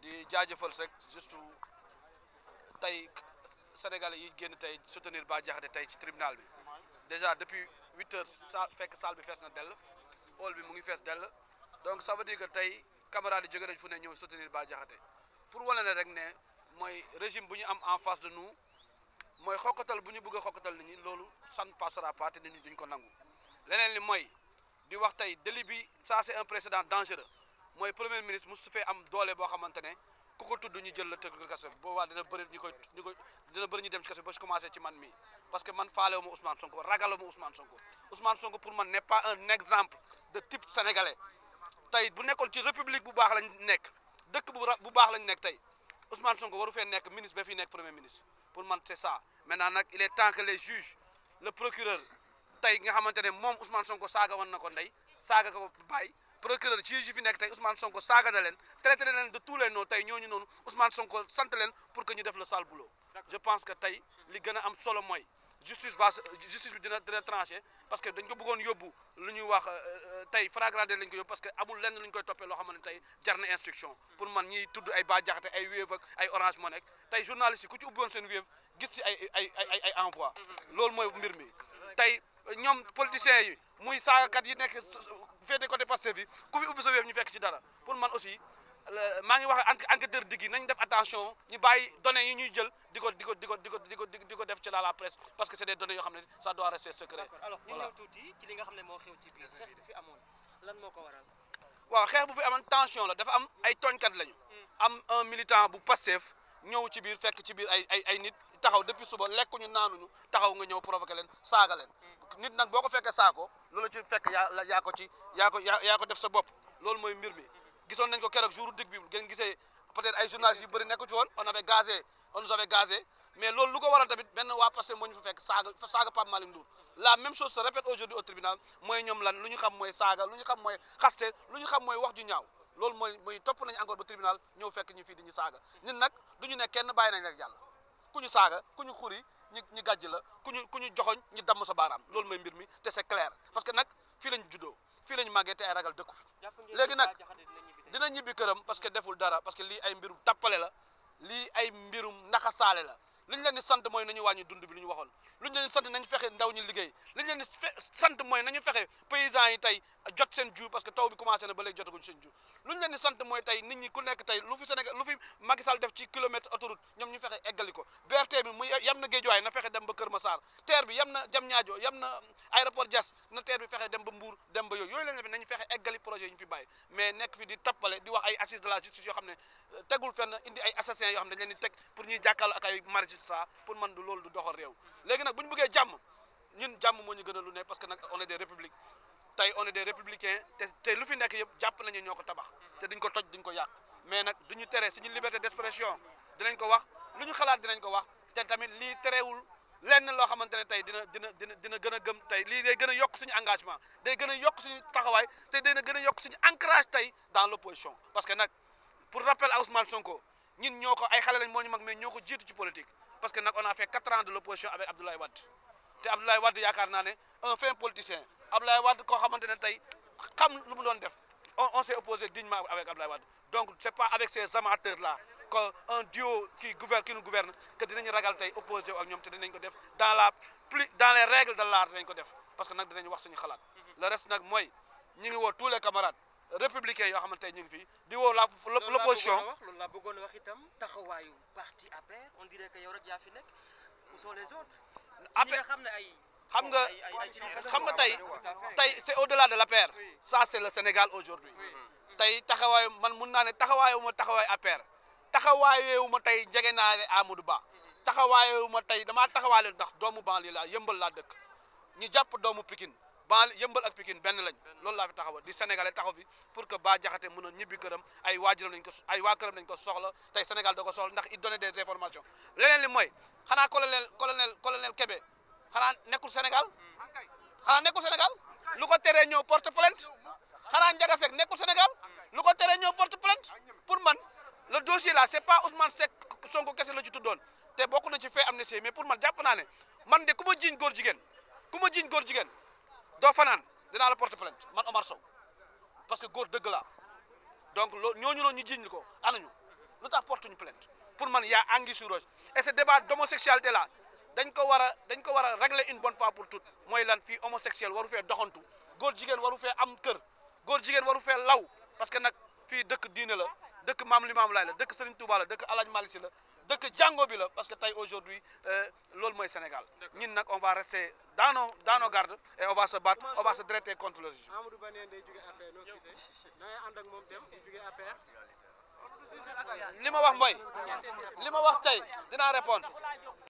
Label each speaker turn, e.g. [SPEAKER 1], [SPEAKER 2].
[SPEAKER 1] di jaajëfal rek juste tey sénégalais yi génn tey soutenir Bah Diakhaté tey ci tribunal bi déjà depuis huit heures sa fekk saal bi fees na dell hall bi mu ngi fees dell donc ça veut dire que tey camarades yi jóge fu ne ñëw soutenir Bah Diakhaté pour wane ne rek ne mooy régime bu ñu am en face de nous mooy xokkatal bu ñu bëgg a xokkatal nit ñi loolu san ne passera pas te ko nangu leneen li mooy di wax tey délit bi ça c'est un précédent dangereux mooy premier ministre mu su fee am doole boo xamante ne ku ko tudd ñu jël la tëgg kaso bi boobaa dina bëri ñu koy ñu koy dina bëri ñu dem ci kaso bi ba si commencé ci man mii parce que man faalewu ma Ousmane Sonko ragaluma Ousmane Sonko Ousmane Sonko pour man n'est pas un exemple de type sénégalais tey bu nekkoon ci république bu baax lañ nekk dëkk bu bu baax lañ nekk tey Ousmane Sonko waru fe nekk ministre ba fi nekk premier ministre pour man c'est ça maintenant nag il est temps que les juges le procureur tey nga xamante ne moom Ousmane Sonko saaga woon na ko ndey saaga ko bàyyi procureur juge yi fi nekk tey Ousmane Sonko saaga na leen traité na leen de tous les noms tey ñooñu noonu Ousmane Sonko sant leen pour que ñu def le sale boulot je pense que tey li gën a am solo mooy justice va justice bi dina dina tranché parce que dañ ko bëggoon yóbbu lu ñuy wax euh, euh, tey flagrant délit lañ ko yóbbu parce que amul lenn lu ñu koy toppee loo xamante ne tey jar na instruction pour man ñiy tudd ay Bah Diakhaté ay Wave ak ay Orange Money nekk tey journaliste yi ku ci ubbi woon seen Wave gis ci ay ay ay mm-hmm. loolu mooy mbir mi tey ñoom politiciens yi muy saagakat yi nekk féete côté Pastef bi ku fi ubbi sa wéef ñu fekk ci dara pour man aussi maa ngi wax enquêteur digg nañ def attention ñu bàyyi données yi ñuy jël di ko di ko di ko ko di ko def ci la la presse parce que c'est des données yoo xam ne ça doit rester secret. alors moo xeex bu fi amoon lan ko waral. waaw xeex bu fi amoon tension la dafa am ay tooñkat lañu. Hmm. am un militant bu Pastef ñëw ci biir fekk ci biir ay ay ay nit taxaw depuis suba lekkuñu naanuñu taxaw nga ñëw provoqué leen saaga leen. nit nag boo ko fekkee saako loola ci fekk yaa yaa ko ci yaa ko def sa bopp loolu mooy mbir mi gisoon nañ ko keroog jour dig bi ngeen gisee peut-être ay journalistes yu bëri nekku ci woon on avait gazé on nous avait gazé mais loolu lu ko waral tamit benn waa Pastef moo ñu fa fekk saaga saaga Pape Malick Ndour la même chose se répète aujourd'hui au tribunal mooy ñoom lan lu ñu xam mooy saaga lu ñu xam mooy xaste lu ñu xam mooy wax ju ñaaw loolu mooy mooy topp nañu encore ba tribunal ñëw fekk ñu fii di ñu saaga ñun nag du ñu ne kenn bàyyi nañ rek jàll ku ñu saaga ku ñu xuri ñu ñu gàjj la ku ñu ku ñu joxoñ ñu damm sa baaraam loolu may mbir mi te c'est clair parce que nag fii lañ juddoo fii lañ màggee te ay ragal dëkku fi léegi nag dina ñibbi këram parce que deful dara parce que lii ay mbirum tappale la lii ay mbirum saale la li ñu leen di sant mooy nañu wàññi dund bi lu ñu waxoon lu ñu leen di sant nañu fexe ndaw ñu liggéey li ñu leen di sant mooy nañu fexe paysans yi tey jot seen jiw parce que taw bi commencé na ba léegi jotaguñ seen jiw lu ñu leen di sant mooy tey nit ñi ku nekk tey lu fi Sénégal lu fi Macky Sall def ci kilomètre autoroute ñoom ñu fexe eggali ko BRT bi mu yem na Guédiawaye na fexe dem ba Kër Massar TER bi yem na Diamniadio yem na aéroport Diass na TER bi fexe dem ba Mbour dem ba yooyu yooyu leen fi nañu fexe eggali projet yi ñu fi bàyyi mais nekk fi di tappale di wax ay assises de la justice yoo xam ne euh, tegul fenn indi ay assassins yoo xam ne dañ leen di teg pour ñuy jàkkaarloo ak ay saa pour man du loolu du doxal réew léegi nag bu ñu bëggee jàmm ñun jàmm moo ñu gën a lu ne parce que nag on est des républiques tey on est des républicains te te lu fi nekk yëpp jàpp nañu ñoo ko tabax te dañ ko toj duñ ko yàq mais nag du ñu tere suñu liberté d'expression dinañ ko wax lu ñu xalaat dinañ ko wax te tamit lii terewul lenn loo xamante ne tey dina dina dina dina gën a gëm tey lii day gën a yokk suñu engagement day gën a yokk suñu taxawaay te dina gën a yokk suñu ancrage tey dans l'opposition parce que nag pour rappel à Ousmane ñun ñoo ko ay xale lañ moo ñu mag mais ñoo ko jiitu ci politique parce que nag on a fait quatre ans de l'opposition avec Abdoulaye Wade te Abdoulaye Wade yaakaar naa ne un fin politicien Abdoulaye Wade koo xamante ne tey xam lu mu doon def on on s'est opposé dignement avec Abdoulaye Wade donc c'est pas avec ces amateurs là que un duo qui gouverne qui nous gouverne que dinañu ragal tey opposé ak ñoom te dinañ ko def dans la plus dans les règles de l'art dinañ ko def parce que nag dinañ wax suñu xalaat le reste nag mooy ñu ngi woo tous les camarades républicain yoo xamante ne ñu ngi fi di woo la l'opposition loolu laa bëggoon wax itam taxawaayu parti APR on dirait que yow rek fi nekk où xam ne ay xam nga xam nga tey tey c'est au-delà de l'APR ça c'est le Sénégal aujourd'hui tey taxawaayu man mun naa ne taxawaayu ma taxawaay APR taxawaayu ma tey jege naa ne Amadou Ba taxawaayu ma tey damaa taxawaale ndax doomu banlieue laa yëmbal laa dëkk ñu jàpp doomu pikin ba yëmbal ak Pikine benn lañ loolu laa fi taxawal di sénégalais taxaw fi pour que Bah Diakhaté mën a ñibbi këram ay waajuram nañ ko ay waa këram nañ ko soxla tey Sénégal da ko soxla ndax il donne des informations leneen li mooy xanaa colonel colonel colonel Kébé xanaa nekkul Sénégal xanaa nekkul Sénégal lu ko teree ñëw porte plainte xanaa Ndiaga Seck nekkul Sénégal lu ko teree ñëw porte plainte pour man le dossier la c'est pas Ousmane Seck Sonko kese la ci tuddoon te bokk na am fait se mais pour man jàpp naa man de ku ma jiiñ góor jigéen ku ma jiiñ góor jigéen doo fanaan dinaa la porte plainte man Omar Sow parce que góor dëgg laa donc loolu ñooñu noonu ñu jiiñ ko anañu lu tax porte ñu plainte pour man yaa anguille sous roche et ce débat d'homosexualité là dañ ko war a dañ ko war a régler une bonne fois pour toutes mooy lan fii homosexuel waru fee doxantu góor jigéen waru fee am kër góor jigéen waru fee law parce que nag fii dëkk diine la dëkk maam limaam laay la dëkk Serigne Touba la dëkk Alaaji Malick Si la dëkk jàngo bi la parce que tey aujourd'hui euh, loolu moy Sénégal ñun nag on va rester daano nos dans et on va se battre on va se traiter contre le régime. Ba nee day jóge APR noo gisee na li ma wax mooy
[SPEAKER 2] li ma wax tey dinaa
[SPEAKER 1] répondre